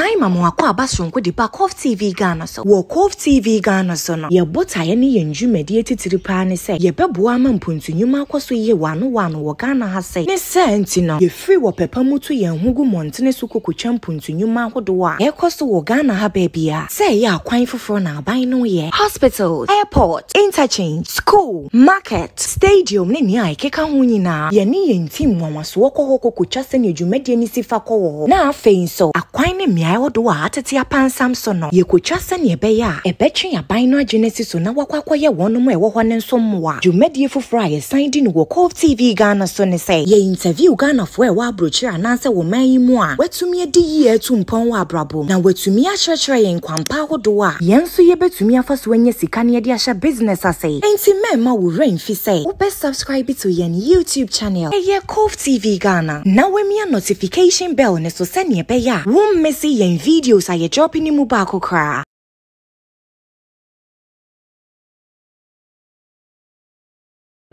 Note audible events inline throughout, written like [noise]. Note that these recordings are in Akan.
time ama wakɔ aba soronko de ba cove tv ghana so wɔ cove tv ghana so no yɛbɔ taeɛ ne yɛn dwumadie titiri paa ne sɛ yɛbɛboa ama mpontunnwuma akɔ so yie wano wano wɔ ghana ha sɛ ne sɛ nti no yɛfiri wɔ pɛpa mu to yɛn ho gu mmɔntene so kokotwa mpontunnwuma ahodoɔ a ɛkɔ so wɔ ghana ha baabi sɛ ɛyɛ akwan foforɔ na aban no yɛ hospitals airport interchange school market stadium ne nea ɛkeka ho nyinaa yɛne yɛn tim nwanwasoɔ kɔ hɔ kokotwa sɛnea dwumadie no si fa kɔ wɔ hɔ na afei nso akwan ne mmea nkae do a atete apansam so no yɛkotwa sɛnea ɛbɛyɛ a ɛbɛtwe aban no agye n'asi so na wakɔ akɔyɛ wɔnom a ɛwɔ hɔ ne nso mmoa dwumadie foforɔ a yɛsan di no wɔ cove tv ghana so ne sɛ yɛ interview ghanafoɔ a ɛwɔ aburokyire anaasɛ wɔ man yi mu a watumi adi yie atu mpɔn wɔ abrabɔ mu na watumi akyerɛkyerɛ yɛn kwampa ahodoɔ a yɛn nso yɛbɛtumi afa so anya sika ne yɛde ahyɛ business ase enti mmarima wo werɛ mfi sɛ wobɛ subscribe to yɛn youtube channel ɛyɛ cove tv ghana na wamia notification bell ne so sɛnea ɛbɛyɛ a wommɛsi yɛn videos a yɛdrɔpe no mu baako koraa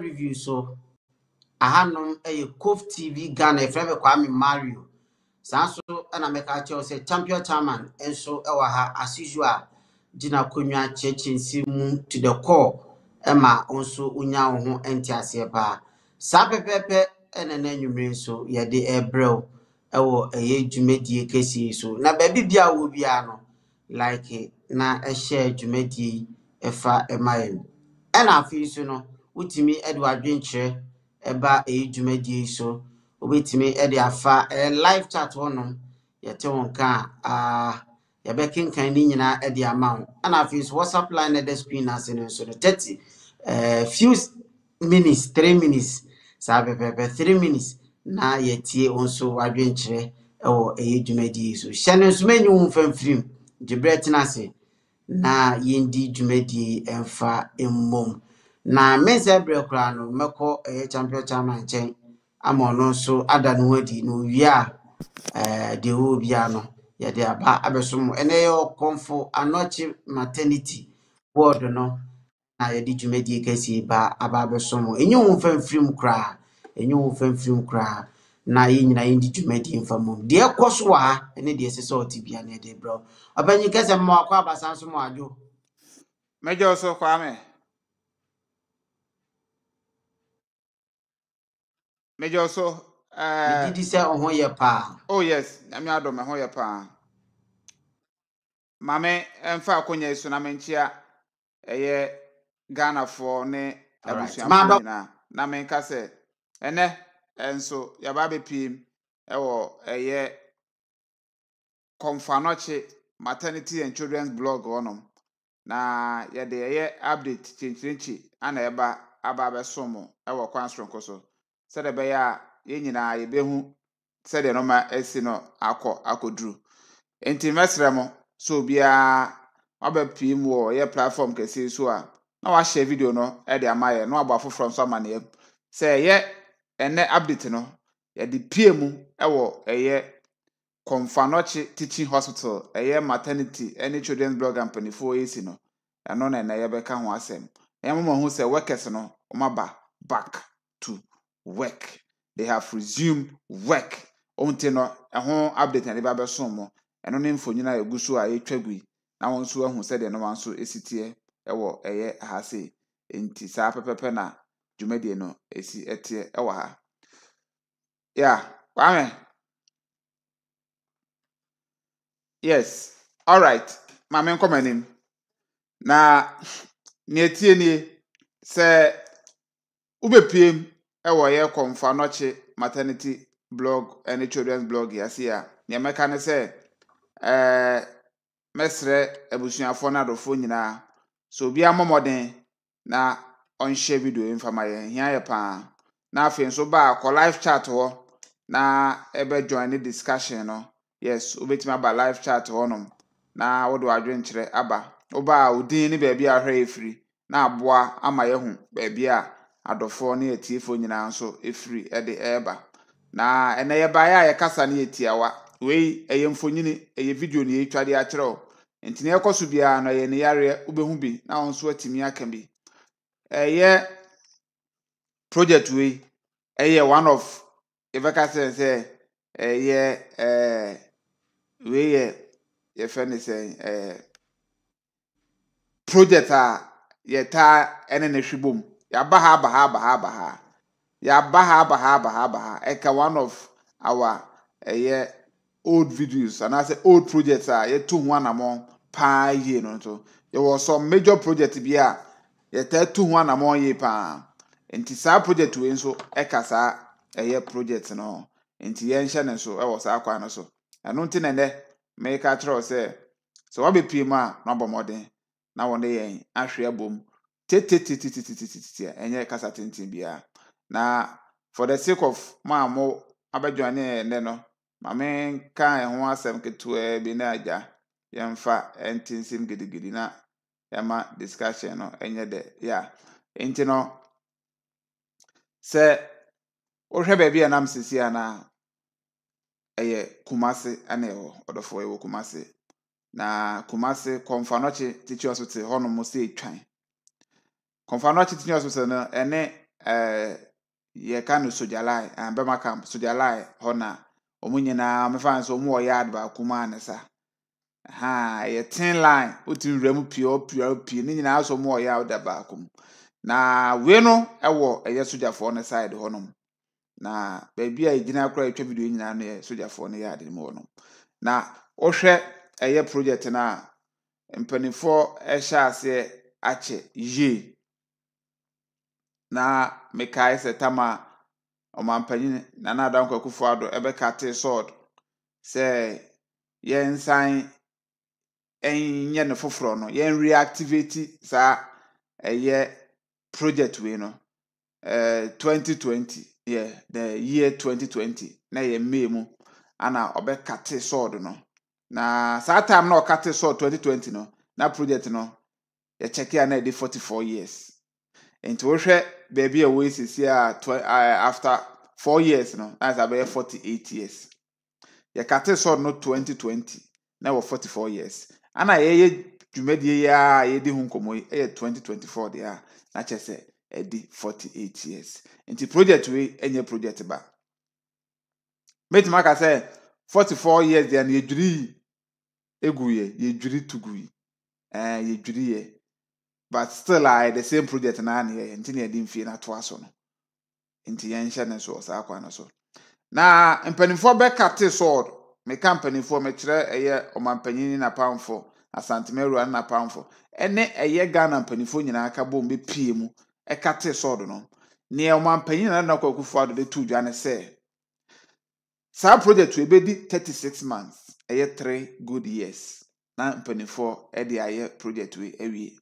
review so ahanom ɛyɛ cove tv ghana ɛfrɛ bɛ kwame mario saa nso ɛna mɛka kyerɛw sɛ champion chairman nso ɛwɔ e ha as usual gyina akonnwa kyerɛkyerɛnsi mu to the core ɛma e nso wonya wo ho nte aseɛ paa saa pɛpɛɛpɛ ɛna na nnwumire nso yɛde ɛrebrɛ e wo ɛwɔ ɛyɛ dwumadie kɛseɛ yi so na baabi bia wɔ biara no like na ɛhyɛ dwumadie yi ɛfa ɛma yɛn ɛna afei so. no wotumi ɛde wadwenkyerɛ ɛba ɛyɛ dwumadie yi so wobɛtumi ɛde afa ɛyɛ live chat hɔnom yɛte wɔn ka a yɛbɛkenkan ne nyinaa ɛde ama wo ɛna afei nso whatsapp line ɛda screen ase no nso no thirty ɛɛ few minutes three minutes saa pɛpɛɛpɛ three minutes. na yɛtie wo nso w'adwenkyerɛ ɛwɔ ɛyɛ dwumadie so hyɛ no nso manyi wo mfamfirim gyeberɛ tena ase na yɛndi dwumadie ɛmfa mmom na mensɛ berɛ koraa no mɛkɔ ɛyɛ champion chama nkyɛn ama ɔno nso ada no ho adi na owie a eh, deɛ ɛwɔ biara no yɛde aba abɛsom ɛnɛ yɛ ɔkɔmfo anɔkye maternity ward no na yɛde dwumadie kɛseɛ ba aba abɛsom ɛnyɛ wo mfamfirim koraa ɛnyɛ wo mfamfirim koraa na yɛ nyinaa yɛndi dwumadi mfa mu deɛ ɛkɔ so wɔ ha ne deɛ ɛsɛ sɛ ɔte bia ne ɛde brɛ ɔbɛnyi kɛsɛ mma wakɔ abasa nso ma adwo mɛgya wo so kwame mɛgya wo so eh, gidi sɛ ɔho yɛ paa oh yes nyame adɔ me ho yɛ paa maame ɛmfa akɔnya yi so na menkyea ɛyɛ ghanafoɔ ne abusuafoɔ nyinaa na menka sɛ ɛnɛ nso yɛba abɛpiem ɛwɔ ɛyɛ kɔmfanɔkye maternity and children's blog hɔnom na yɛde ɛyɛ update kyenkyirinkyi ana ɛba aba abɛsom mo ɛwɔ kwan soronko so sɛdeɛ ɛbɛyɛ a yɛn nyinaa yɛbɛhu sɛdeɛ nɔma asi no akɔ akɔduru nti mɛsrɛ mo sɛ obiara wabɛpie mu wɔ ɔyɛ platform kɛseɛ so a na wahyɛ video no ɛde ama yɛ na wabɔ afoforɔ nso ama yɛ sɛ ɛyɛ ɛnɛ update no yɛde pie mu ɛwɔ ɛyɛ kɔnfanɔkye teaching hospital ɛyɛ maternity ɛne children's blog and mpanimfoɔ esi no ɛno na ɛnɛ yɛbɛka ho asɛm ɛmoma ho sɛ workers no aba back to work they have resumed work ɔnti no ɛho update na yɛde ba bɛso mo ɛno ne mfonyin a egu so a yɛtwa gu yi na wɔn nso ahu sɛdeɛ noma nso esi teɛ ɛwɔ ɛyɛ ahase nti saa pɛpɛpɛ na. dwumadie no esi ɛteɛ ɛwɔ ha ya kwame yes alright maame nkɔm anim na [laughs] nea tie nie sɛ wobɛpiem ɛwɔ yɛ kɔmfa nɔkye maternity blog ɛne children's blog yɛase a nea mɛka ne sɛ ɛɛ mɛsrɛ abusuafoɔ no adɔfoɔ nyinaa so obiara mmɔmmɔden na ɔnhyɛ video yi mfama yɛn hia yɛ paa na afei nso baa kɔ live chat hɔ na ɛbɛ join ne discussion no yes wobɛtumi aba live chat hɔnom na wode w'adwenkyerɛ aba wobaa odin ne baabi a ahwɛ ɛfiri na aboa ama yɛho baabi a adɔfoɔ ne atiefoɔ nyinaa nso efiri ɛde ɛreba na ɛnɛ yɛbaeɛ a yɛkasa ne yɛtiawa wei ɛyɛ mfonyini ɛyɛ video ne yɛtwa de akyerɛ wo nti ne yɛkɔ so biara no ɛyɛ ne yareɛ wobɛhu bi na wo nso atumi aka bi ɛyɛ project wei ɛyɛ one of yɛbɛka sɛ sɛ ɛyɛ ɛɛ wei yɛ yɛfrɛ ne sɛ ɛɛ project a yɛtaa ɛne ne hwe bom yaba ha aba ha aba ha aba ha yaba ha aba ha aba ha aba ha ɛka one of our ɛyɛ old videos anaasɛ old project a yɛto ho anammɔn paa yie no nso yɛwɔ some major project bi a. yɛtaa tu ho anammɔn yie paa nti saa project wei nso ɛka saa ɛyɛ project no nti yɛnhyɛ ne so ɛwɔ saa kwan no so ɛno nti na nnɛ mɛka kyerɛw sɛ sɛ wabɛpie mu a na ɔbɔ mmɔden na wɔne yɛn ahwe abom tetetetetetetete kasa tenten na for the sake of no maame ɛho ketewa bi agya gidigidi na ɛma discussion no ɛnyɛ dɛ ya nti no sɛ wohwɛ baabi a nam sisi a na ɛyɛ kumase ɛna ɛwɔ ɔdɔfoɔ ɛwɔ kumase na kumase kɔmfanɔkye teaching hospital hɔnom sɛ etwan kɔmfanɔkye teaching hospital no ɛne ɛɛ yɛka no sogyalai ɛn bɛma camp sogyalai hɔ na wɔn nyinaa mɛfa nso wɔn wɔ yard baako mu a ne ha yɛ ten line wotumi wura mu pie ɔpia pie ne nyinaa sɔ mu ɔyɛ a ɔda baako mu na wei no ɛwɔ ɛyɛ sogyafoɔ no side hɔnom na baabi a egyina koraa yɛtwa video nyinaa no yɛ sogyafoɔ no yɛ ade mu hɔnom na wɔhwɛ ɛyɛ project no a mpanimfoɔ ɛhyɛ aseɛ akyɛ yie na mekae sɛ tam a ɔmanpanyin nana adanko akufo ado ɛbɛka te sɔɔd sɛ yɛnsan ɛnyɛ no foforɔ no yɛn reactivate saa ɛyɛ project wei no ɛɛ twenty twenty yɛ the year twenty twenty na yɛ may mu ana ɔbɛkate sɔɔd no na saa time na ɔkate sɔɔd twenty twenty no na project no Yɛ a na yɛde forty four years nti wohwɛ beebi a wɔyɛ sisi a tw after four years no na yɛ abɛyɛ forty eight years yɛkate sɔɔd no twenty twenty na wɔ forty four years. ana yɛyɛ dwumadie yi a yɛdi ho nkɔmɔ yi yɛ 2024 deɛ a n'akyɛ sɛ ɛdi 48 years nti project wei nyɛ project ba mɛtumi aka sɛ 44 years deɛ no yɛdwiri egu yɛ yɛdwiri tugu yi ɛɛ yɛdwiri yɛ but still a yɛ the same project naa ne yɛyɛ nti na yɛde mfie n'atoa so no nti yɛnhyɛ ne so saa kwan no so na mpanimfoɔ bɛka te sɔɔdo meka mpanimfoɔ mekyerɛ ɛyɛ na napamfo asantemawura ne napamfo ɛne ɛyɛ ghana mpanimfoɔ nyinaa ka bom bɛpie mu ɛka te sɔɔdo no nea ɔmampanyini na nakɔ akufo ado de tu dwa ne sɛ saa project wo ebedi thirty six months ɛyɛ three good years na mpanimfoɔ ɛde ayɛ project wo awie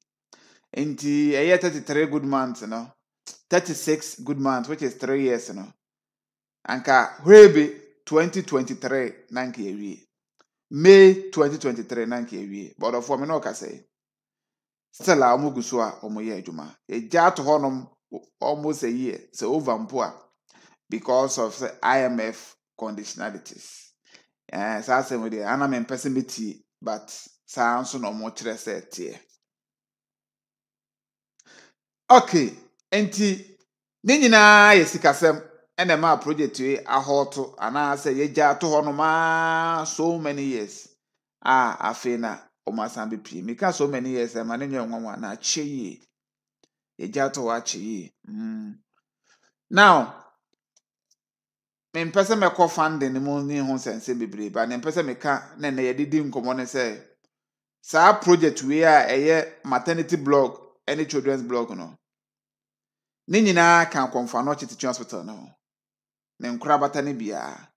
nti ɛyɛ thirty three good months no thirty six good months which is three years no anka hwee bi. 2023 na nke ewie may 2023 na nke ewie bọdọfoɔ me na ɔkasa yi still a wɔgu so a wɔyɛ adwuma egya ato hɔnom almost a year sɛ over mpo a because of say, imf conditionalities saa asɛm deɛ ana me mpɛ sɛ metie but saa nso na wɔn kyerɛ sɛ teɛ okay nti ne nyinaa yɛ sikasɛm. ɛna ɛma project yi ahɔɔto anaasɛ yɛgya ato hɔ nom so many years a afei na wɔn asan bepie mika so many years ɛma ne nyɛ nwanwa na akyɛ yie yɛgya ato hɔ akyɛ yie mm. now mmpɛ sɛ mɛkɔ funding ne mu ne ho nsɛnsɛ bebree ba ne mpɛ sɛ meka na na yɛde di nkɔmɔ ne sɛ saa project wei a ɛyɛ maternity blog ɛne children's blog no ne nyinaa ka akɔmfa no ɔkye hospital no ne nkorabata no biara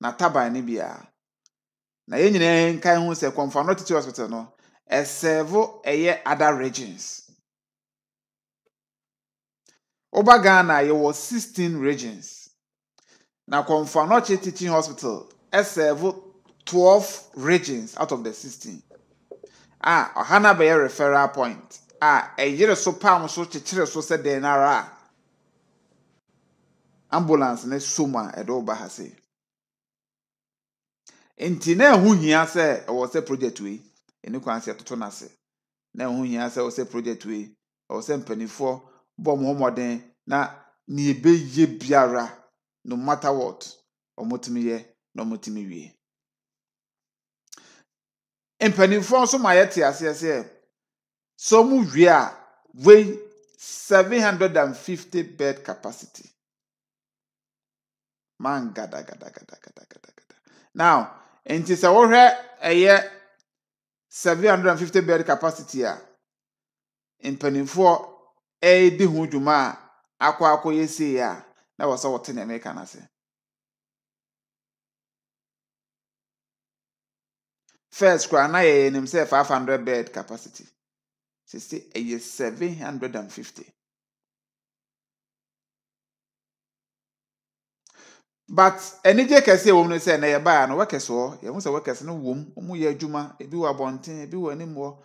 n'ataban no biara na yɛn nyinaa nkan ho sɛ kɔmfano tete hospital no ɛsɛɛvo ɛyɛ ada regions woba ghana yɛwɔ sixteen regions na kɔmfano teaching hospital ɛsɛɛvo twelve regions out of the sixteen a ɔha na abɛyɛ referral point a ɛyere so palm so kyekyere so sɛ deɛ no a ambulance ne som a ɛde woba ha se nti na ɛho hia sɛ ɛwɔ sɛ project wei ɛne kwan sɛ ɛtoto n'ase na ɛho hia sɛ ɛwɔ sɛ project wei ɛwɔ sɛ mpanimfoɔ bɔ mo mmɔden na nea ebɛyɛ biara no matter what wɔtumi yɛ na wɔtumi wie mpanimfoɔ nso ma yɛte aseɛ sɛ sɛ wɔn wie a wei seven hundred and fifty bed capacity man gada gada gada gada gada now nti sɛ wohwɛ ɛyɛ seven hundred and fifty bed capacity a mpanimfoɔ ɛredi ho dwuma a akɔ akɔ yɛ sei a na wɔ sɛ wɔte ne meka n'ase first koraa na yɛyɛ nim sɛ five hundred bed capacity sisi ɛyɛ seven hundred and fifty. but enigye kese wɔ no sɛ na yɛbaa no wɔkɛse hɔ yɛhu sɛ wɔkɛse no wɔ mu yɛ adwuma ebi wɔ abɔnten ebi wɔ anim hɔ a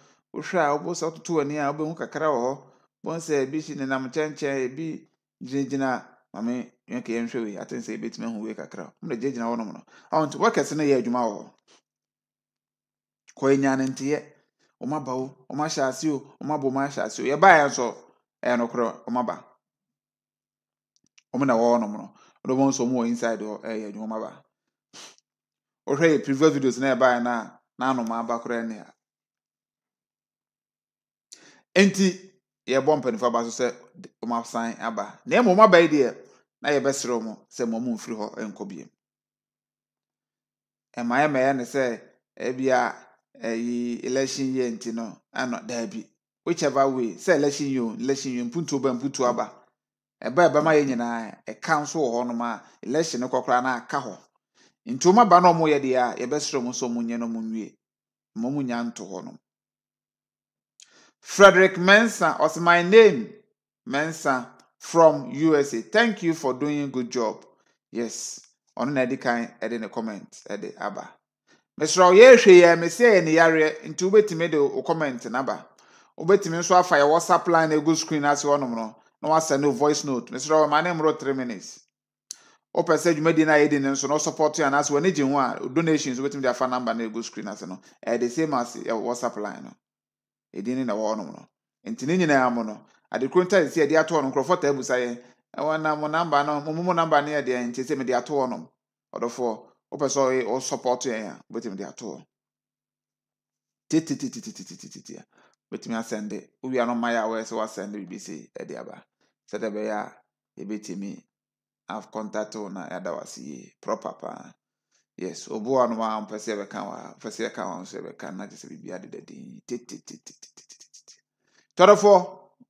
wobɔ sɛ wototo w'ani a wobɛhu kakra wɔ hɔ bɔn sɛ ebi si nenam nkyɛnkyɛn ebi gyinagyina maame yɛn kɛ yɛnhwɛ wei aten sɛ ebetumi wei kakra ɔmu na gyinagyina hɔ nom no ɔn nti wɔkɛse no yɛ adwuma wɔ hɔ kɔɛ nyaane nteɛ ɔmo aba nso na wɔn nso inside hɔ ɛyɛ adwuma ba wɔhwɛ videos na ɛbaeɛ na n'anom aba koraa ne nti yɛbɔ mpanimfo aba so sɛ wɔn asan aba na ɛma deɛ na yɛbɛsrɛ sɛ hɔ nkɔ bie ɛmaa ɛma yɛ ne sɛ ɛyi election nti no sɛ election o ɛba ɛbɛma yɛ nyinaa ɛka nso wɔ hɔnom a election kɔkora no aka hɔ nti wɔn aba no wɔn yɛ deɛ a yɛbɛsrɛ wɔn sɛ wɔn nyɛ no wɔn nwie ma wɔn nya nto hɔnom frederick mensa ɔsɛ my name mensa from usa thank you for doing a good job yes ɔno na ɛdi kan ịdị ne comment ɛde aba mesrɛ yɛ ehwɛ yɛ mesia ya ne yareɛ nti wobɛtumi de dị comment n'aba wobɛtumi nso afa yɛ whatsapp line egu screen ase hɔnom no. na wasɛn no voice note mesrɛ wɔ maa ne mmerɛ three minutes wopɛ sɛ dwumadi no a yɛdi ne nso na wɔsupɔt yɛ anaasɛ w'ani gye ho a donation nso wobɛtumi de afa number no ɛgu screen ase no ɛyɛ the same as ɛwɔ whatsapp line no ɛdin ne na ɛwɔ hɔnom no nti ne nyinaa mu no adekuro no nkurɔfoɔ taa yɛ ɛwɔ na mo number no mo mo number no yɛ deɛ nti sɛ mede ato nom ɔdɔfoɔ wopɛ sɛ ɔyɛ ɔsupɔt yɛn a wobɛtumi de ato hɔ wobɛtumi asɛnde wowia no ma yɛ a sɛ woasɛnde biribi ɛde aba sɛdeɛ ɛbɛyɛ a yɛbɛtumi akɔntate wo na yɛada wo ase yie proper paa yes obu wa no mpɛ sɛ yɛbɛka wa mpɛ sɛ yɛka wa nso yɛbɛka na kyerɛ sɛ biribi adeda din tetetetetetete tɔrɔfoɔ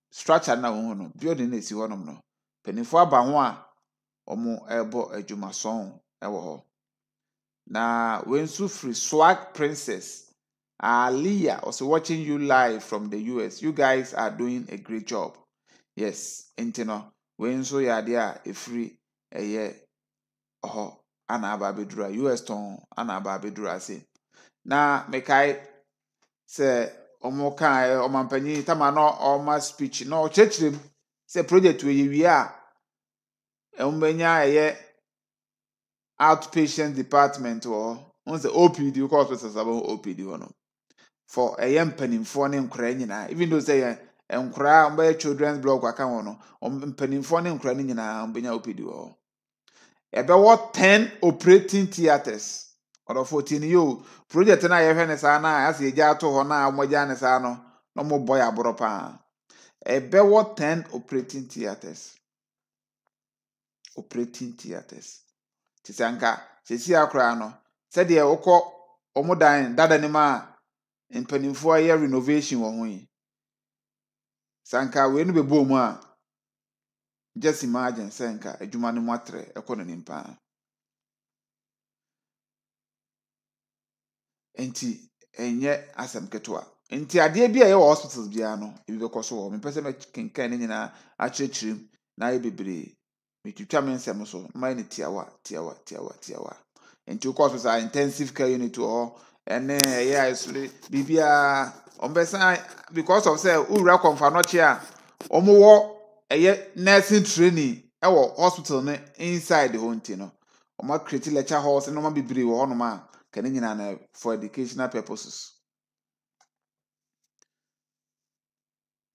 structure na wɔn ho no building na esi hɔnom no mpanimfoɔ aba ho a wɔn ɛrebɔ adwumason ɛwɔ hɔ na wɔn nso firi swag princess aliya ɔsɛ watching you live from the us you guys are doing a great job. yes nti no wei nso yɛ adeɛ a ɛfiri ɛyɛ hɔ ana aba abɛduru a us tɔn ana aba abɛduru ase na mekae sɛ ɔmo kaa ɛ ɔmanpanyin tama na ɔma speech na ɔkyerɛkyerɛ mu sɛ project wɔ yɛ wie a ɛmobɛnya ɛyɛ outpatient department wɔ hɔ wọn sɛ opd kɔ hospital sábà opd hɔ no for ɛyɛ mpanimfoɔ ne nkora nyinaa even though sɛ yɛn. nkwaraa a children block aka wɔn no mpanimfoɔ ne nkwaraa no nyinaa opd wɔ ɛbɛwɔ ten operating theatres ɔdɔfo project yɛhwɛ ne saa a ato hɔ na wɔbɔ yɛ aborɔ paa ɛbɛwɔ ten operating theatres operating theatres nka no sɛdeɛ wɔn dan dada ne mu a yɛ renovation saa nka wei no bɛbɔɔ mu a gyesi ma agyen sɛ nka adwuma no mu ɛkɔ n'anim paa nti ɛnyɛ asɛm ketewa nti adeɛ bi a ɛyɛ wɔ hospitals biara no ebi bɛkɔ so wɔ hɔ mepɛ sɛ mɛkenkan ne nyinaa akyerɛkyerɛ mu na ayɛ bebree metwitwa me nsɛm so mmaa ne tiawa tiawa tiawa tiawa nti wokɔ hospital intensive care unit wɔ hɔ ɛne ɛyɛ isole biribiara ɔmbɛsan because of sɛ owura kɔnfa n'ọchị a ah, ɔmowɔ ɛyɛ nursing training ɛwɔ hospital no inside hɔ nti no ɔmo akreti lecture halls ne ɔmo bebree wɔ hɔnom a kɛne nyinaa na for educational purposes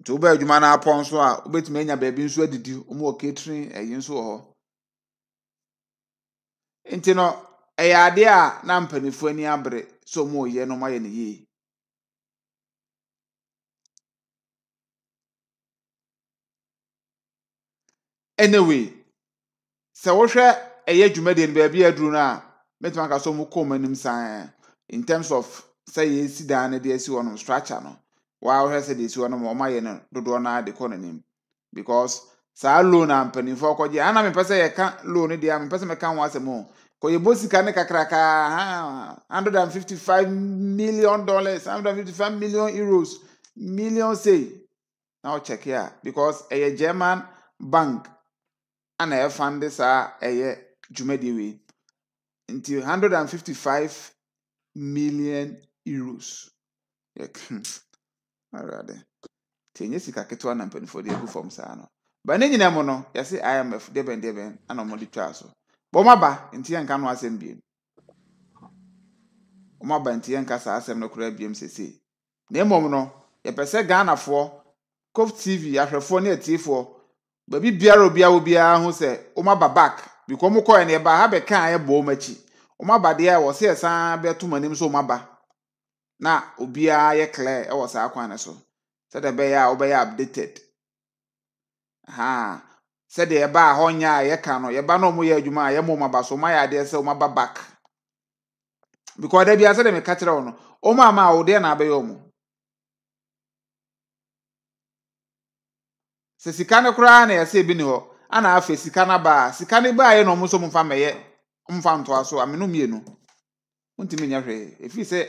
nti wobɛ adwuma no apɔn nso a ah, wobɛtumi anya baabi nso adidi ɔmo wɔ catering ɛyi eh, nso wɔ hɔ nti no ɛyɛ adeɛ a na mpanimfoɔ ani abere sɛ ɔmo yɛ no ɔmo ayɛ no yie. anyway sɛ wohwɛ ɛyɛ dwumadie no baabi aduru no a mɛtumi aka so mu kɔn mu saa in terms of sɛ yɛsi daa no de asi hɔ nom structure no waa wohwɛ sɛ de asi hɔ nom wɔn ayɛ no dodoɔ no de kɔ n'anim because saa loan a mpanimfoɔ kɔgye ana mepɛ sɛ yɛka loan no deɛ mepɛ sɛ mɛka ho asɛm o kɔyɛbɔ sika ne kakraka ha 155 million dollars 155 million euros million say na ɔkyɛke a because ɛyɛ german bank a na-efa ndị saa ɛyɛ dwumadie nti hundred and fifty five million euros [laughs] awurade nti sika ketewa na mpanimfoɔ de egu fam saa no ba ne nyinaa mu no yɛsi imf debendeben bɛn deɛ bɛn ɛna twa so wɔn aba nti yɛ nka no asɛm biem wɔn aba nti yɛ nka saa asɛm no koraa biem sese na emom no yɛpɛ sɛ ghanafoɔ cop tv ahwɛfoɔ ne atiefoɔ. baabi biara obi a obiara e ho sɛ wɔaba back because wɔn kɔɛ no ɛba ha bɛka a ɛbɔ wɔn akyi wɔaba deɛ wɔsi ɛsan bɛto anim na obiara yɛ clear ɛwɔ saa kwan no so sɛdeɛ ɛbɛyɛ a updated haa sɛdeɛ ɛba a hɔ nyɛ a yɛka no yɛba na wɔyɛ adwuma a yɛma aba so wɔn ayɛ adeɛ sɛ wɔn aba back because ɛda mɛka kyerɛ a na abɛyɛ sɛ sika no koraa na yɛsɛ ebi ni hɔ ana afɛ sika no aba sika no baayɛ na ɔmo nso mo mfa mɛyɛ ɔmo mfa ntoa so ameno mmienu ntumi nyɛ hwee efi sɛ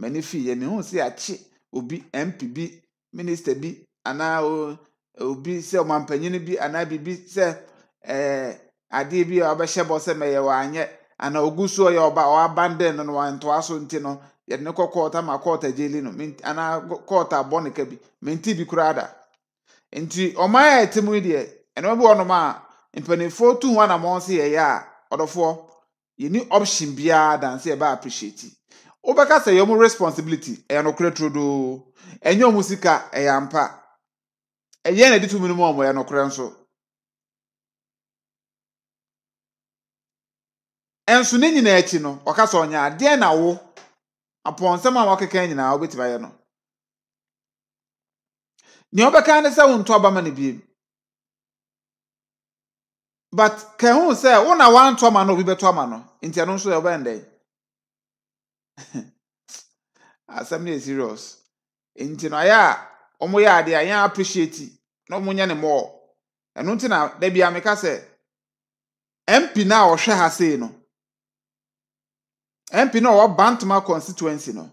mɛni fi yɛ mihu si akye obi mp bi minista bi anaa obi sɛ ɔmanpanyin bi anaa biribi sɛ ɛɛ eh, adeɛ bi a ɔbɛhyɛ bɔ sɛ mɛyɛ wanyɛ ana ogu so yɛ ɔba ɔabandɛn no no ntoa so nti no yɛde ne kɔ kɔɔta ma kɔɔta gyeeli no anaa kɔɔta abɔ ne ka bi menti bi koraa da. nti ọma ya ɛte mu yi deɛ ɛnɛma bi wɔnom a mpanimfoɔ tu ho anamɔn se yɛyɛ a ɔdɔfoɔ yɛni option biara danse ɛbɛ appreciate wobɛka sɛ yɛn responsibility ɛyɛ nokorɛ turodoo ɛnyɛ wɔn sika ɛyɛ ampa ɛyɛ na ɛde tumi no mu a wɔyɛ nokorɛ nso ɛnso ne nyinaa akyi no ɔka sɛ ɔnyɛ adeɛ na wo apɔnsɛm a wɔkeka nyinaa wobɛtumi ayɛ no nea ɔbɛka ne sɛ wonto abama no biem but ka hu sɛ wo na wanto ama no obi bɛto ama no nti ɛno nso ɛwobɛn dɛn [laughs] asɛm no yɛ serious nti no ayɛ a ɔmoyɛ adeɛ a yɛn appreciate na ɔmonyɛ ne mmɔɔ ɛno nti na da bia meka sɛ mp no a ɔhwɛ ha sei no mp no a ɔwɔ bantoma constituency no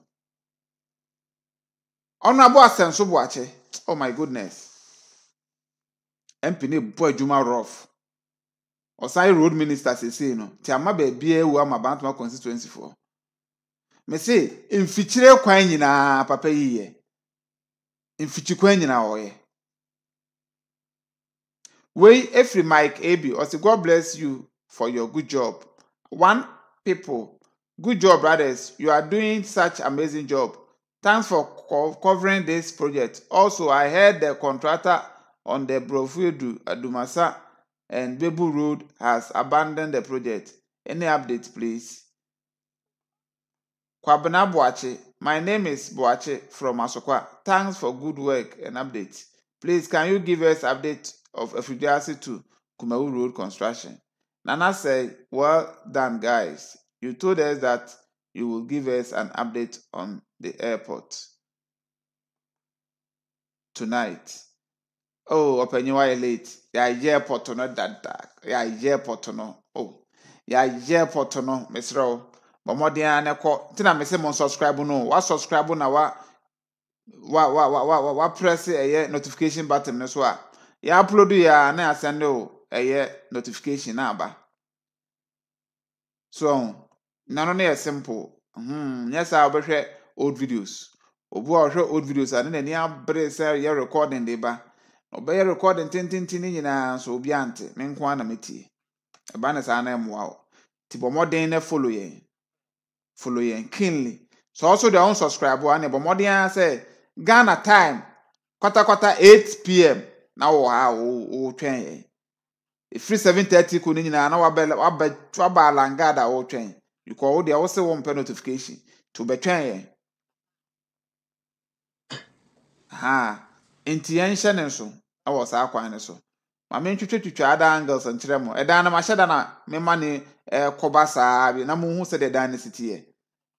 ɔno abo asɛnso boakye oh my goodness mp no ebu adwuma rough ɔsan road minister sesei no te ama baabi ewu ama bantama constituency foɔ mese mfikyire kwan nyinaa papa yi yɛ mfikyi kwan nyinaa ɔyɛ wei efiri mike ebi ɔsi god bless you for your good job one people good job brothers you are doing such amazing job Thanks for co covering this project. Also, I heard the contractor on the Brofudu Adumasa and Bebu Road has abandoned the project. Any update, please? Kwabena Boache, my name is Boache from Asokwa. Thanks for good work and update. Please, can you give us update of Efudiasi to Kumehu Road construction? Nana said, well done, guys. You told us that you will give us an update on the airport tonight. Oh, ọpanyin ayɛ late. Yɛayɛ airport no dada. Yɛayɛ airport no. Oh, yɛayɛ airport no. Mesrɛ o, bɔ mmɔden ara n'ɛkɔ. Nti na mesɛ mo subscribe no. Wa subscribe na wa wa wa wa wa wa wa press ɛyɛ notification button no so a yɛ upload ya na yɛ send o ɛyɛ notification na aba. So, nanu no yɛ simple. Hmm, nyɛ saa ɔbɛhwɛ. old videos obi a ɔhwɛ old videos ade n'ani abere sɛ yɛ recording de ba ɔbɛyɛ recording tententen ne nyinaa nso obi ante me nko ara na metie ɛba ne saa na ɛmoa o ti bɔ mmɔden na follow yɛn follow yɛn keenly sɛ ɔso deɛ ɔn subscribe wa ne bɔ mmɔden ara sɛ ghana time kwatakwatakwatakwa eight pm na wɔ ha a wɔretwɛn yɛn efiri seven thirty ko ne nyinaa na wabɛ wabɛ wabɛ alangada wɔretwɛn because wo deɛ wɔsɛ wɔn mpɛ notification to bɛtwɛn yɛn. ha nti yɛnhyɛ ne so wɔ saa kwan no so ma mentwitwatwitwa ada angles nkyerɛ mo ɛdan no mahyɛ da na mema ne kɔba saa bi na mohu sɛdeɛ dan no siteɛ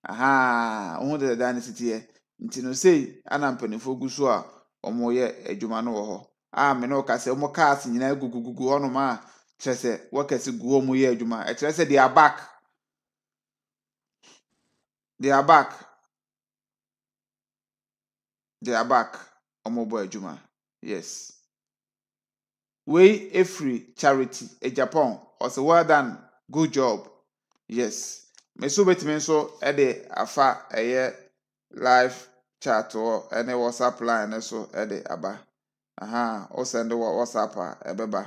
aha wohu sɛdeɛ dan no siteɛ nti no sei ana mpanimfoɔ gu so a yɛ adwuma no wɔ hɔ a me ne woka sɛ wɔn cars nyinaa gugugugu hɔnom a kyerɛ sɛ wɔkɛse gu wɔn yɛ adwuma ɛkyerɛ sɛ they are back they are back they are back ọmụbọ ejuma yes wey efiri charity e japan ọsị well done good job yes meso betumi nso ɛde afa ɛyɛ live chat hɔ ɛne whatsapp line nso so aba aha ɔsɛn de whatsapp a ɛbɛba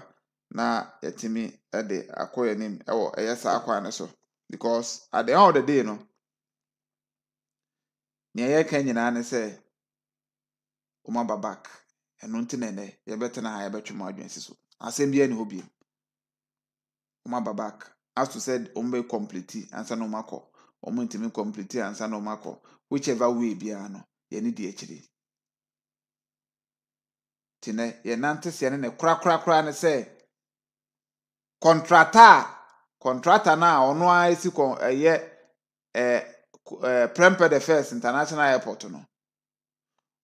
na yɛtumi ɛde akɔ yɛn anim ɛwɔ ɛyɛ saa kwan so because at the end of the day no nea ka nyinaa ne sɛ. wɔmaba babak ɛno nti na ɛnɛ tena ha yɛbɛtwe mu adwene si so asɛm biara ne hɔ biem wɔmaba back as to said wɔmbɛ complete ansa na wɔmakɔ wɔn ntumi complete ansa na wɔmakɔ whichever way biara no yɛne di akyire te yɛnante seɛ ne ne korakorakora ne sɛ kɔntrata kɔntrata ɔno esi kɔn ɛyɛ ɛɛ ɛɛ the first international airport no.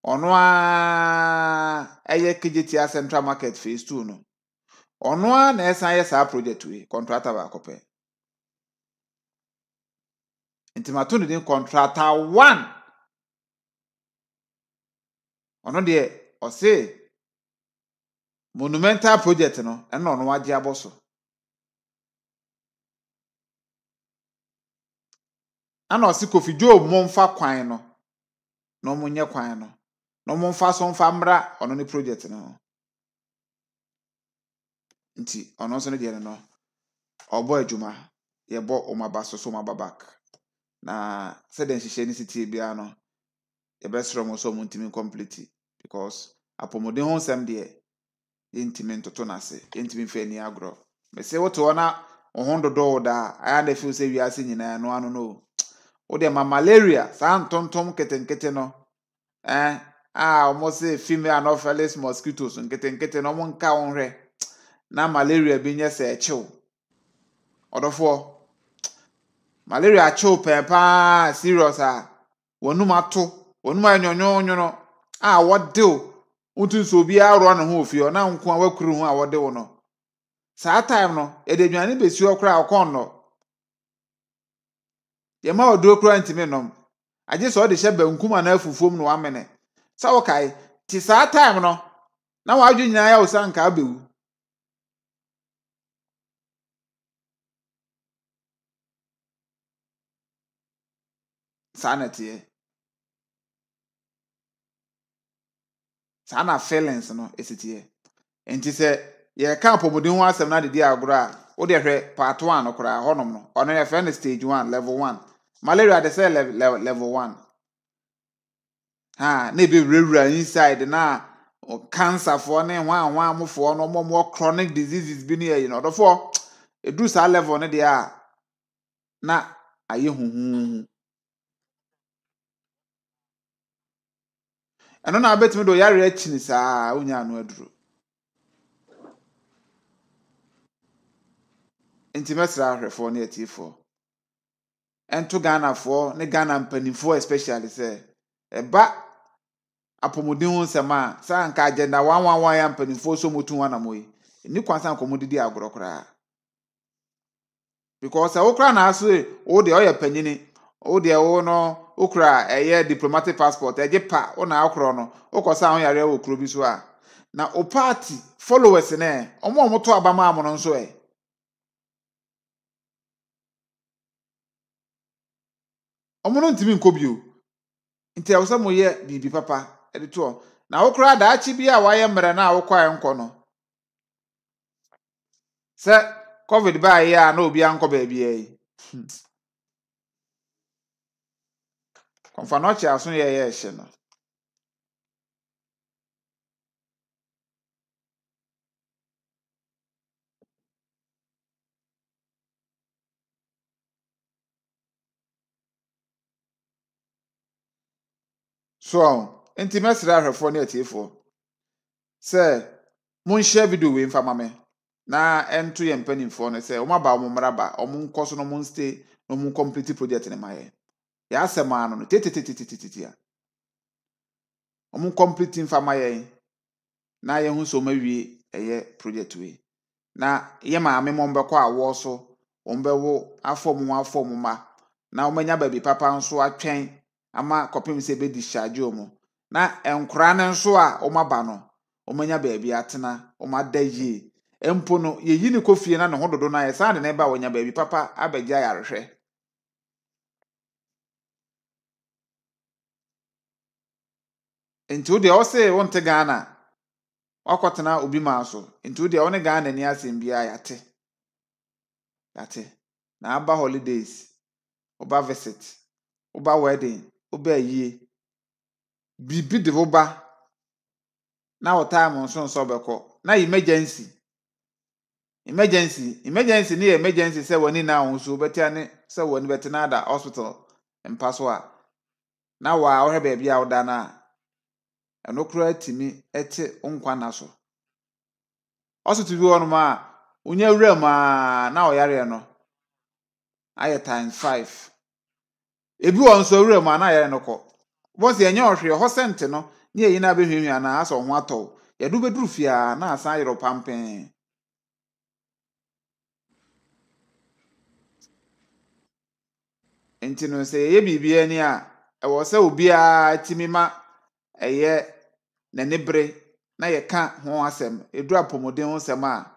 ɔno ara ɛyɛ central market phase two no ɔno na ɛsan yɛ saa project wei contractor baako pɛ ntomato ne din contractor one ɔno deɛ ɔse monumental project no ɛna ɔno ji abɔ so ɛna ɔse kofi joe mo mfa kwan nọ na ɔmo kwan nọ. na ɔmomfa so mfa mmra ɔno ne project no ho nti ɔno nso no deɛ no no ɔbɔ adwuma yɛbɔ ɔmaba so so ɔmaba back na sɛdeɛ nhyehyɛ no si tie biara no yɛbɛsrɛ mo sɛ ɔmo ntumi complete because apɔmuden ho nsɛm deɛ yɛntumi ntoto n'ase yɛntumi mfa ani agorɔ mɛsɛ wote hɔ na ɔho dodɔ wo daa ayɛ na feel sɛ wiase nyinaa no ano no o wodeɛ ma malaria saa ntontom nketenkete no ɛn eh, a ah, ọmụ sị female anopheles mosquitoes nkịtị nkịtị na ọmụ nka nre na malaria bi nye sị echiw ọdọfọ malaria chiw pɛn paa serious a wɔnum ato wɔnum ayɛ nyɔnyɔnyɔnɔ a wɔdew wotu nso obiara rɔ ne ho ọ na nko a wakuru hụ a wɔdew no saa time no yɛde aduane besi hɔ koraa ɔkɔn no yɛma ɔduro koraa ntumi nom agye sɛ ɔde hyɛ bankum anaa fufuom na wamene sɛ wokae te saa taịm no na wadwe nyinaa yɛ wo sa nka abɛwu saa na teɛ saa na feelings no ɛsi teɛ nti sɛ yɛka apɔmuden ho asɛm no adedi agorɔ a wode hwɛ part 1 no koraa hɔnom no ɔno yɛfrɛ no stage one level one malaria de sɛ level one ha na-ebeweruwura inside na kansafoɔ ne nwa nwa amofoɔ no ɔmo ɔmo chronic diseases bi no yɛ na ɔdɔfoɔ eduru level no deɛ a na ayɛ huhuhu ɛno na abɛtumi do yare akyi ne saa onya ano aduro nti mɛsra ahwɛfoɔ ne atiefoɔ ɛnto ghanafoɔ ne ghana mpanimfoɔ especially sɛ ɛba apɔmuden ho nsɛm a saa nka agenda wanwanwan ya mpanimfoɔ so mu tun wanam yi ni kwan didi agorɔ koraa because sɛ wokura n'ase wo deɛ ɔyɛ panyini wo deɛ wo no wokura ɛyɛ diplomatic passport ɛgye pa wo na akorɔ no wokɔ sa ho yareɛ wɔ kuro bi so a na o party followers nɛ ɔmo a nso ɛ. ɔmo no ntumi nkɔ bio ɛde to na wokora daakye bi a wayɛ mmerɛ no a wokɔɛ nkɔ no sɛ covid baayɛ a na obi ankɔ baabia yi [laughs] kɔmfa na ɔkye aso yɛyɛ ɛhye no so nti mɛsrɛ ahwɛfoɔ ne atiefoɔ sɛ monhyɛ video wei mfa ma me na ɛnto yɛ mpanimfoɔ no sɛ wɔn aba wɔn mmara ba wɔn nkɔ so na wɔn stay na wɔn complete project ne ma yɛ yɛasɛm ano no tetetetetetete a wɔn complete mfa ma yɛn na yɛn ho so wɔn awie ɛyɛ project wei na yɛ maame ma wɔn bɛkɔ awɔ so wɔn bɛwo afɔm wɔn afɔm ma na wɔn anya baabi papa nso atwɛn ama kɔpem sɛ ebedi hyɛ adwo mu. na nkwaraa no nso a aba no wɔanya baabi atena ada yie mpo no yɛyi ne kɔ na ne ho dodo no ayɛ saa de wɔnya baabi papa abɛgye ayarehwɛ nti wo deɛ ɔse wonte ghana wakɔtena obi maa so nti wo deɛ wo ghana ani asɛm biara yate yate na aba holidays ɔba visit ɔba wedding ɔba ayie biribi de wo ba na wo nso nsonso bɛkɔ na emergency emergency emergency ne yɛ emergency sɛ wɔn nina ahosuo bɛtia ne sɛ wɔn bɛtena ada hospital mpa so a na wɔn a wɔhwɛ beebi a wɔda na ɛno koraa tumi te nkwa na so hospital bi wɔnom a onye wura mu a na ɔyareɛ no ayɛ times five ebi wɔ nso wura mu a na ayɛre no kɔ. wɔsi ɛnyɛ ɔhwɛ hɔ sɛnte no ne ɛyi no abɛhwehwɛ anaa asɛ ɔho atɔw yɛde wobɛduru fie a na nti no sɛ yɛyɛ biribiara ni a ɛwɔ sɛ obiara tumi ma ɛyɛ na yɛka ho asɛm eduru apɔmuden ho a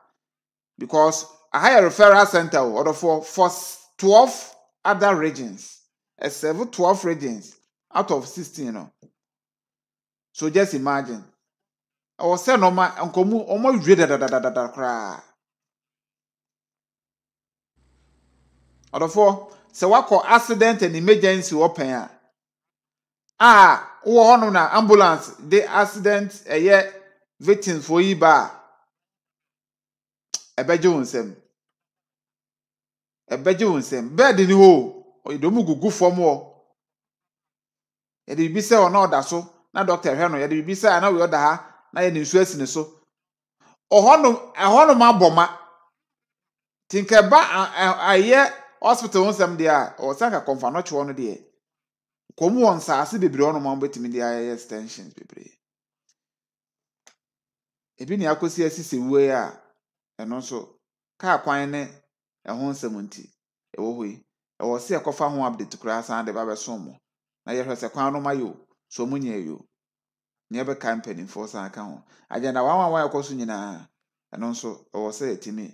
because aha yɛ referral center ɔdɔfoɔ oh, for twelve other regions out of 16 no so just imagine ɛwɔ sɛ na ɔma nkɔmu dada dada dadadadada koraa ɔdɔfoɔ sɛ wakɔ accident and emergency wɔpɛn a a wowɔ hɔnom na ambulance de accident ɛyɛ victims foɔ yi ba a ɛbɛgye wo nsam ɛbɛgye wo nsam bɛɛde ni hɔ o ɔyɛ gugu fọm wɔ. yɛde biribi sɛ ɔno ɔda so na dɔkta hwɛ no yɛde biribi sɛ ana wei ɔda ha na yɛde nsu asi ne so ɔhɔnom ɛhɔnom abɔ ma a nkɛba ayɛ hospital ho nsɛm deɛ a ɔsanka kɔnfa nɔkyew no deɛ kɔn mu wɔ nsaase bebree ɔnom a wɔbɛtumi de ayɛ extensions bebree ebi na akɔsi asisi wuo yi a ɛno nso kaa kwan ne ɛho nsɛm nti ɛwɔ hɔ yi ɛwɔ sɛ ɛkɔfa ho update koraa san de ba bɛso mo. na yɛhwɛ sɛ kwan no ma yɛ so mu nyɛ yɛ o bɛ ɛbɛka mpanimfoɔ san ka ho agyana wɔn a wɔn a ɛkɔ so nyinaa ɛno nso ɛwɔ sɛ yɛtumi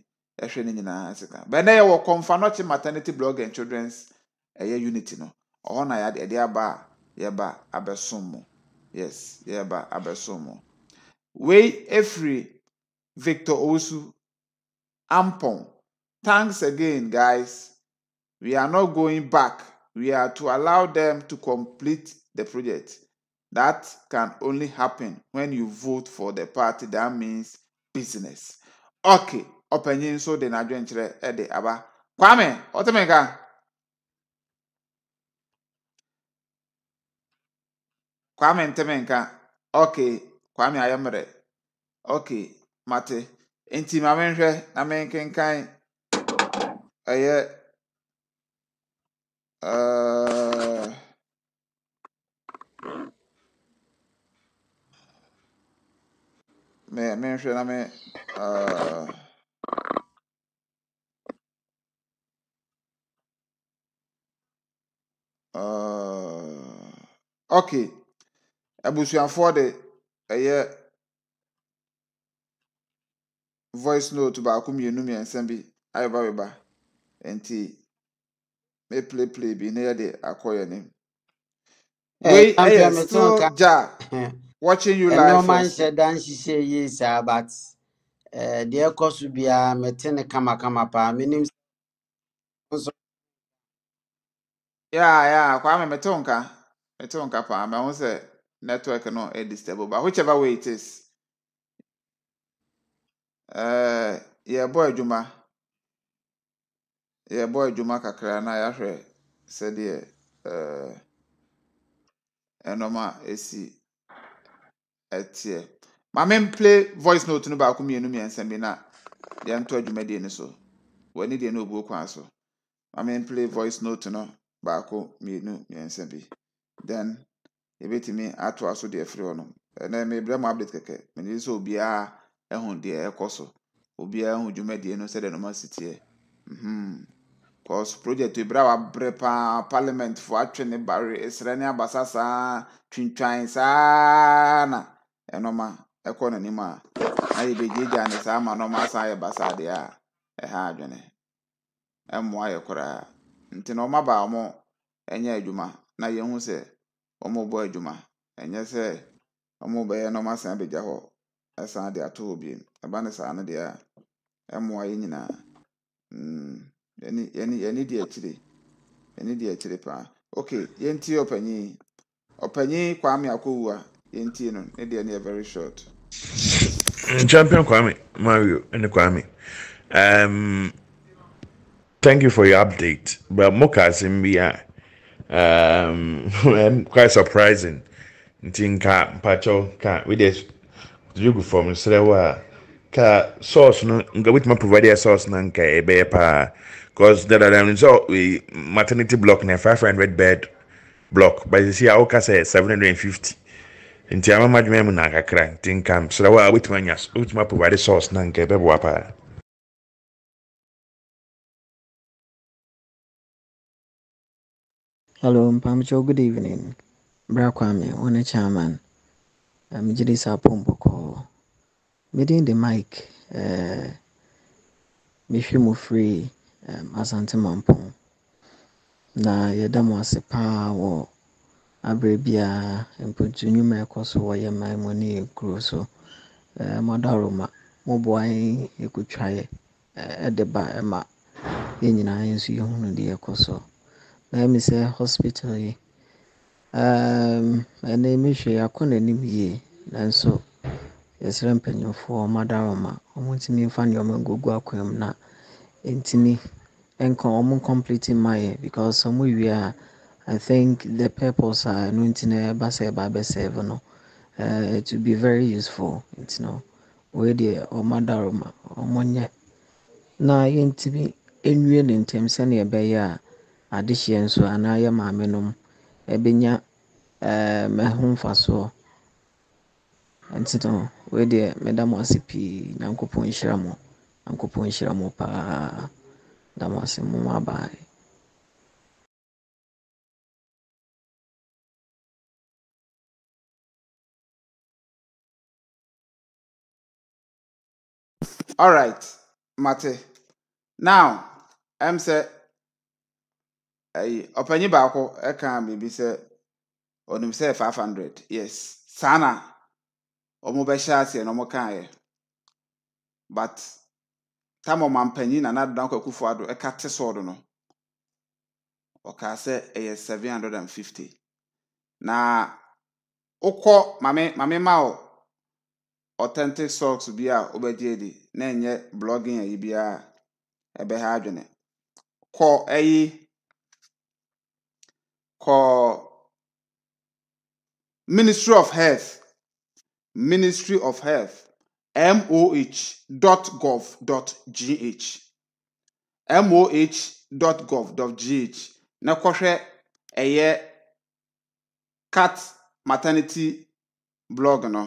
ɛhwɛ ne nyinaa ase ka bɛn dɛ yɛwɔ kɔnfanɔkye maternity blog and children's ɛyɛ unity no ɔhɔ na ɛde aba a yɛba abɛsom mu yes yɛba abɛsom mu wei efiri victor osu ampon thanks again guys we are not going back. We are to allow them to complete the project. That can only happen when you vote for the party that means business. Okay, ọpanyin nso de n'adwe nkyerɛ eh, de aba. Kwame, ɔtɛmɛ nka. Kwame ntɛmɛ nka. Okay, Kwame ayɛmmerɛ. Okay, mate. Nti maame nhwɛ na menkenkan ɛyɛ. Man, man, me, I mean, Uh, uh, okay. Abusuafoɔ de ɛyɛ voice note baako mmienu mmiɛnsa bi ayɛ ba beba nti play meplay bi na yɛde akɔ yɛ nim wei ɛyɛ still [clears throat] gya watching you live ɛnɔɔma nhyɛ da nhyehyɛ yie saa but deɛ ɛkɔ so biara mete ne kamakama paa menim nso yeah yeah kwame mete wo nka mete wo nka paa maho sɛ network no ɛdisturbo But whichever way it is uh, yɛbɔ yeah, adwuma yɛbɔ adwuma kakra na yɛahwɛ sɛdeɛ eh, ɛnɔm a ɛsi ɛteɛ ma memple voice note no baako mmienu mmiɛnsa bi na yɛnto adwumadie no so w'ani deɛ no obuo kwan so ma memple voice note no baako mmienu mmiɛnsa bi then yɛbɛtumi atoa so deɛ firi hɔ no ɛnɛ mebrɛ mu update kɛkɛ mene sɛ obiara ɛho deɛ ɛkɔ so obiara ho dwumadie no sɛdeɛ nɔma si teɛ mm cause project ebere a wabrɛ paa parliament fo atwe ne bare esrɛ ne abasa saa twintwan saa na ɛnɔma ɛkɔ n'anim a na yɛbɛgyegya ne saa ma nɔma asan yɛ basa adeɛ a ɛha adwene ɛmmoa yɛ koraa nti na ɔma baa ɔmo ɛnyɛ adwuma na yɛhu sɛ ɔmo bɔ adwuma ɛnyɛ sɛ ɔmo bɛyɛ nɔma asan abɛgya hɔ ɛsan de ato obi bio ɛba ne saa no deɛ a ɛmmoa yɛ nyinaa mm. ɛne ɛne ɛne deɛ akyire ɛne deɛ akyire paa okay yɛntie ɔpanyin ɔpanyin kwame akowua yɛntie no ne deɛ ne yɛ very short. Eh, champion kwame mario ɛne kwame um, thank you for your update but mo ka asɛm bi a um, [laughs] quite surprising nti nka mpakyɛw ka we de yogu fam srɛ wo a ka sauce no nka wetumi provide a sauce na nka ɛbɛyɛ paa because there are so we maternity block na 500 bed block but you see how can say 750 In nti ama madwuma mu na kakra nti nka mesrɛ wo a wobɛtumi anya wobɛtumi aprovide source na nka ɛbɛboa paa hello mpamkyɛw good evening bra kwame wo ne chairman eh, megye de saa pompɔkɔɔ the mic. mike eh, mehwɛ mu free. um, Asante Mampong. Na yɛda mo ase paa wɔ aberɛ biara mpontu nnwuma ɛkɔ so wɔ yɛ man mu ne yɛ kuro so. Uh, eh, Mɔdaroma, moboa yi ɛkotwa yɛ ɛde ba ɛma yɛn nyinaa nso yɛhunu deɛ ɛkɔ so. Maame sɛ hospital yi, um, ɛnɛ mehwɛ yɛakɔ n'anim yie nanso yɛsrɛ mpanyinfoɔ Mɔdaroma, wɔntumi mfa nneɛma ngugu akwan mu na ntumi nka wɔn complete mmayɛ because wɔn wie a i think the purpose a ɛno nti na ɛba sɛ ɛba abɛsɛɛvo no uh, it be very useful nti no wɔyɛ deɛ wɔn adaro ma wɔn nyɛ na yɛntumi nwie ne ntɛm sɛnea ɛbɛyɛ a adehyeɛ nso anaa yɛ maame nom ɛbɛnya ɛɛm ɛho mfasoɔ nti no wɔyɛ deɛ mɛda mo ase pii nyankopɔn nhyira mo. nyankopɔn nhyira paa da mo ase mate now ɛm sɛ ɛyi ɔpanyin baako ɛka eh, biribi sɛ sɛ five hundred saa na wɔn bɛhyɛ aseɛ na wɔn kaa yɛ but. tamọ mampanyin na nadu dankwa kufu ado ɛka te sɔɔdo no ɔkaa sɛ ɛyɛ seven hundred and fifty na ụkọ mame mame ma o authentic socks bi a edi edi na ɛnyɛ blogging ayi biara ɛbɛha adwene kɔ ɛyi kɔ ministry of health ministry of health moh.gov.gh moh.gov.gh na kɔhwɛ cat maternity blog nọ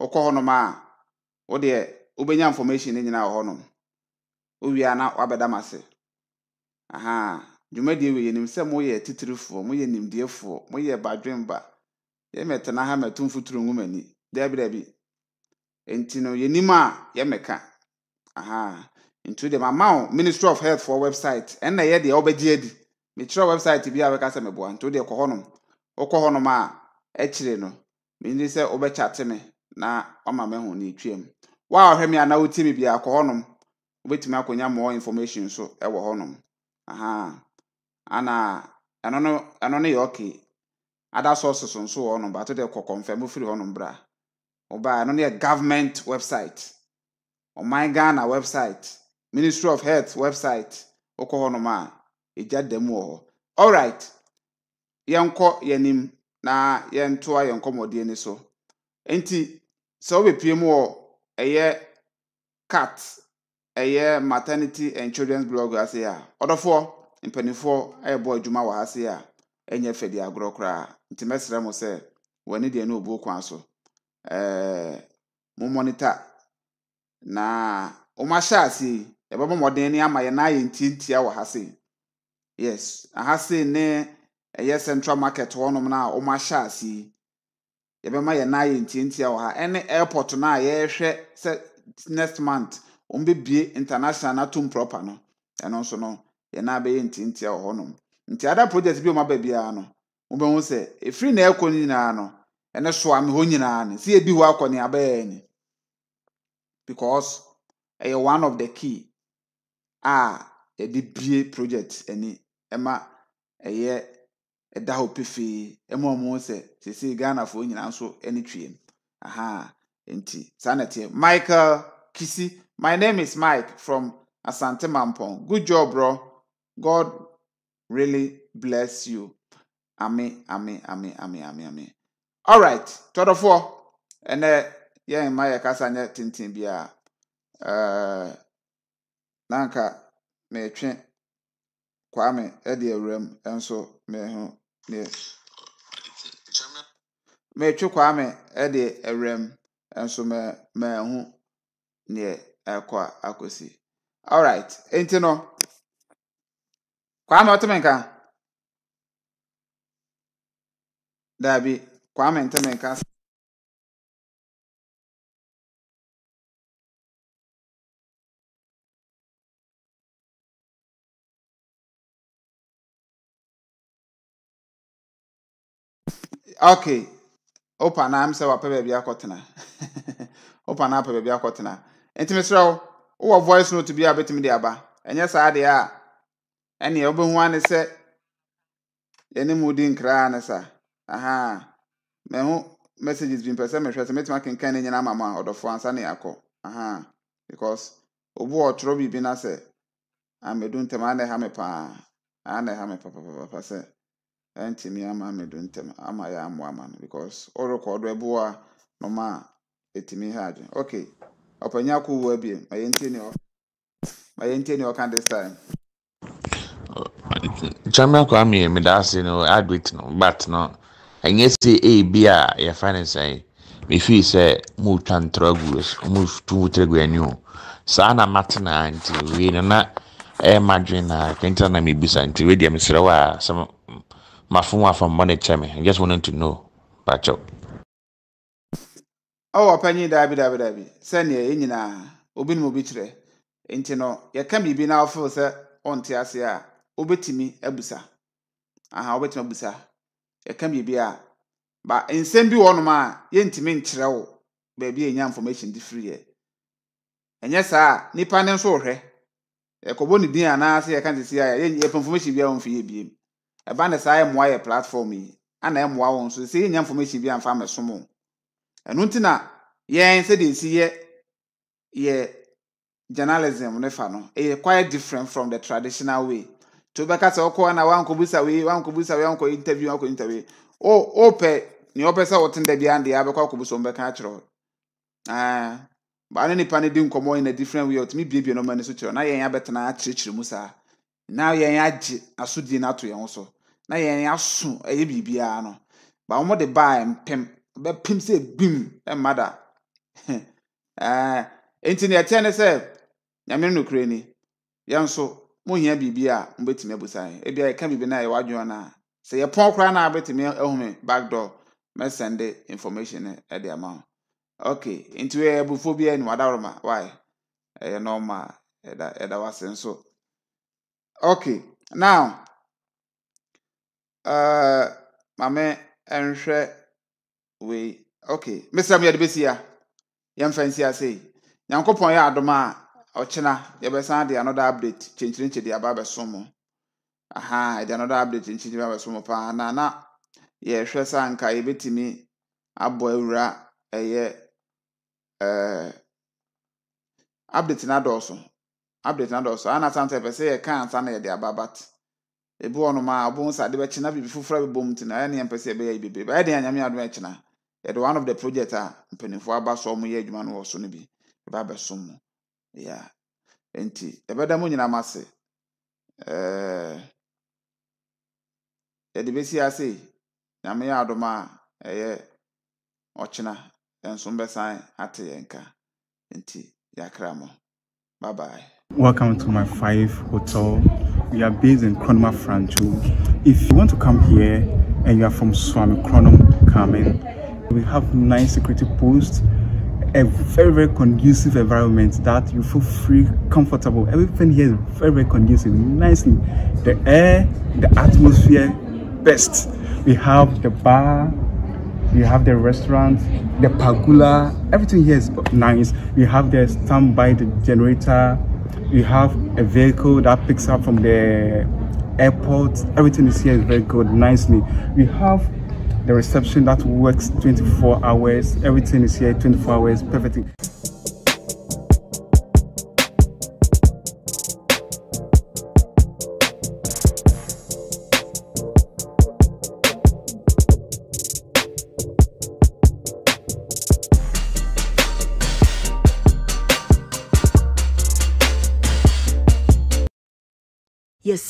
wokɔ hɔnom a ụdị wobɛnya information no nyinaa wɔ a na wabɛda m ase aha dwumadie wei yɛnim sɛ moyɛ titirifoɔ moyɛ mụ moyɛ badwemba yɛmɛtena ha mɛto mfoturo ngu m'ani daabi nti no yɛnim a yɛmɛka aha nti deɛ mama wo ministry of health for website ɛnna yɛ deɛ wobɛgye adi mekyerɛ website bi a bɛka sɛ meboa nti wodeɛ kɔ hɔnom wokɔ hɔnom a akyire no mene sɛ wobɛkyate me na ɔma mahu ne twam wo a ɔhwɛ me anaa wotie me biaa kɔ hɔnom wobɛtumi akɔnya mmɔ information so ɛwɔ hɔnom aha ana ɛno no ɛno no yɛ ɔke ada sources nso wɔ hɔnom bato deɛ kɔ confirm firi hɔnom bra ọbaa nọ by another government website ɔman ghana website ministry of health website wokɔ hɔnom a ɛgya e da mu wɔ hɔ alright yɛnkɔ yɛnim na yɛntoa yɛn kɔmmɔdeɛ ni so nti sɛ wobɛpie mu ọ ɛyɛ cat ɛyɛ maternity and children's blog ase a ọdọfọ mpanimfoɔ ɛrebɔ adwuma wɔ ase a ɛnyɛ fɛdeɛ agorɔ koraa nti mɛsrɛ mo sɛ wɔne deɛ ne ɔbuo kwan so Eh, mo monitor na wɔn ahyɛ ase ama yɛn nan nti ntiantia wɔ ha si yes ha si na ɛyɛ central market hɔnom na wɔn ahyɛ ase yɛbɛma yɛn nan yɛ airport na yɛrehwɛ sɛ next month wɔn bɛbie international n'atum proper no ɛno nso no yɛn nan bɛyɛ wɔ hɔnom nti ada project bi wɔn aba biara no efiri na ɛkɔ nyinaa ɛne soa me hɔ nyinaa ne sɛ yɛdi hɔ akɔ ne abɛɛ ne because ɛyɛ one of the key a yɛde bie project ani ɛma ɛyɛ ɛda hɔ pefee ɛma ɔmo sɛ sese ghanafoɔ nyinaa nso ɛne twiem aha nti saa na ɛteɛ michael kisi my name is mike from asante mampɔn good job bro god really bless you ame ame ame ame ame ame. alright tɔdɔfoɔ ɛnɛ yɛn mma yɛ kasa nyɛ tenten bi a ɛɛ nanka mɛtwe kwame ɛde awura mu ɛnso mɛho ne mɛtwe kwame ɛde awura mu ɛnso mɛ mɛho neɛ ɛkɔ akɔsi alright nti no kwame nka daabi. Kwamen também, caso. Okay. Opa na am sɛ wapɛ baabi akɔtena. [laughs] Opa na apɛ baabi akɔtena. Nti mesrɛ wo, wowɔ voice note bi a bɛtumi de aba. Ɛnyɛ saa deɛ a ɛneɛ wobɛhu ane sɛ yɛne mu di nkraa ne saa. Aha. ịhụ messages bi mpɛ sɛ mehwɛ sɛ mɛtumi akenkan ne nyina ama ma ɔdɔfoɔ ansa ne akɔ aha because obi ɔtwerɛ biribi na sɛ amedu ah, ntɛm ana ɛha me paa ana ɛha me papapapa sɛ ɛntumi ama amedu ntɛm ama yɛ amoa ma no because ɔrekɔ ɔdɔ ɛbu a a ɛtumi ha adwene okay ɔpanyin akɔ abie ma yɛntie ne ɔ ma yɛntie ne ɔka this time. Chamia kwa mi medasi no adwit no but no ɛnyɛ sɛ ebi a yɛfa ne sɛn mefiri sɛ moretwa ntoro agu moretu wotoro agu ani o saa na mate naa nti wei no na ɛyɛ madwene na kɛntɛn na mebisa nti wei deɛ mesrɛ wo a sɛ mafom afambɔ ne kyɛ me just wanted to know bakyɛw ɔwɔ ɔpanyin daabi daabi daabi sɛnea yɛn nyinaa obi ne obi bi kyerɛ nti no yɛka biribi na afo sɛ ɔnte ase a obetumi abusa aha obetumi abusa yɛka biribi a ba nsɛm bi wɔnom a yɛntumi nkyerɛ wo baabi a ɛnya information de firi yɛ ɛnyɛ saa nipa ne nso rehwɛ yɛkɔbɔ ne din anaasɛ yɛka sisi a yɛpɛ information bi a wɔn fi yɛ biem ɛba ne saa ɛmoa yɛ platform yi ana ɛmoa wɔn nso sɛ yɛnya information bi amfa amɛsom wɔn ɛno nti na yɛn sɛdeɛ esi yɛ yɛ journalism ne fa no ɛyɛ quite different from the traditional way. tobɛka sɛ wokɔa na wankɔbusa wei wankɔbusa wei wankɔ interview wankɔ interview o opɛ nea ɔpɛ sɛ wɔte da bia ndeɛ abɛkɔ akɔbusa wɔn bɛka akyerɛ hɔ baa ne nipa no di different way ɔtumi biebie ɔma ne so kyerɛ na yɛn abɛtena akyerɛkyerɛ mu saa na yɛn agye ato yɛn ho na yɛn aso ɛyɛ biribiara no baa wɔn de baa mpem bɛpem sɛ ɛmma da ɛɛ [laughs] nti ne sɛ nyame no nso mohia biribi a mobɛtumi abusa yɛ ebi a yɛka biribi no a yɛwɔ adwene no a sɛ yɛpɔn koraa no a bɛtumi ahu me backdoor mɛsɛnde information no de ama ho okay nti yɛ abufuo bi a anuwadaroma wae ɛyɛ normal ɛda ɛda wase nso ok now uh, maame nhwɛ wei okay mesrɛ m yɛde bɛsi a yɛmfa nsi ase yi nyankopɔn yɛ adom a ɔkyena yɛbɛsan de another update kyɛnkyɛnkyɛn de aba abɛso mu aha de another update kyɛnkyɛn de aba abɛso mu paa na na yɛhwɛ saa nka yɛbɛtumi abɔ awura ɛyɛ ɛɛ eh, update na dɔɔso update na dɔɔso ana san sɛ pɛsɛ yɛka ansa na yɛde aba bat ebi wɔ nom a de bɛkyena biribi foforɔ ɛyɛ ɛyɛ deɛ adum ɛkyena yɛde one of the project a aba so adwuma no wɔ so Yeah. Enti, ɛbɛda mo nyinaa ase. Ɛɛ yɛde besi ase nyame yɛ adom a ɛyɛ ɔkyena nso bɛsan ate yɛn ka nti yɛakra mo bye bye. Welcome to my five hotel. We are based in Kronoma Franchu. If you want to come here and you are from Swami Kronom, come in. We have nine security posts a very very conducive environment that you feel free comfortable everything here is very very conducive nicely the air the atmosphere best we have the bar we have the restaurant the pagula. everything here is nice we have the standby the generator we have a vehicle that picks up from the airport everything is here is very good nicely we have the reception that works 24 hours everything is here 24 hours perfect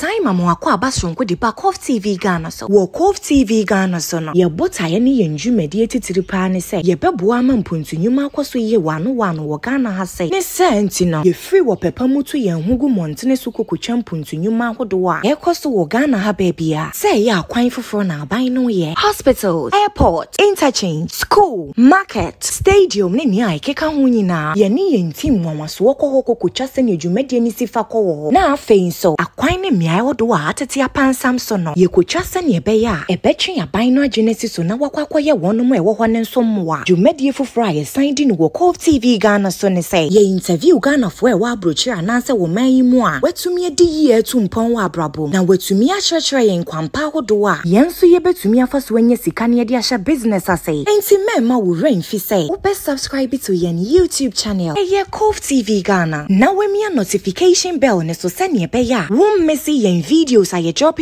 time ama wakɔ aba sonko de ba cove tv ghana so wɔ cove tv ghana so no yɛbɔ taeɛ ne yɛn dwumadie titiri paa ne sɛ yɛbɛboa ama mpontunwuma akɔ so yie waanowaano wɔ ghana ha sɛ ne sɛ nti no yɛfiri wɔ pɛpa mu to yɛn ho gu mmɔntene so kokotwa mpontunwuma ahodoɔ a ɛrekɔ so wɔ ghana ha baabia sɛ ɛyɛ akwan foforɔ na aban no yɛ hospitals airport interchange school market stadium ne nea ɛkeka ho nyinaa yɛne yɛn tim nwanwasoɔ kɔ hɔ kokotwa sɛnea dwumadie no si fa kɔ wɔ hɔ na afei nso akwan ne mmea a ɛwɔ do wɔ atete apansam so no yɛkotwa sɛnea ɛbɛyɛ a ɛbɛtwe aban no agye n'asi so na wakɔ akɔyɛ wɔnom e ɛwɔ hɔ ne nso mmoa dwumadie foforɔ a yɛsan di no wɔ tv ghana so ne sɛ yɛ interview ghanafoɔ a ɛwɔ aburokyire anaasɛ wɔ man yi mu a watumi adi yie atu mpɔn wɔ abrabɔ na watumi akyerɛkyerɛ yɛn kwampa ahodoɔ a yɛn nso yɛbɛtumi afa so anya sika ne yɛde ahyɛ business ase enti mmarima wo werɛ mfi sɛ wobɛ subscribe to yɛn youtube channel e ye cove tv ghana na wamia notification bell ne so sɛnea ɛbɛyɛ a wommɛsi yɛ and videos I you're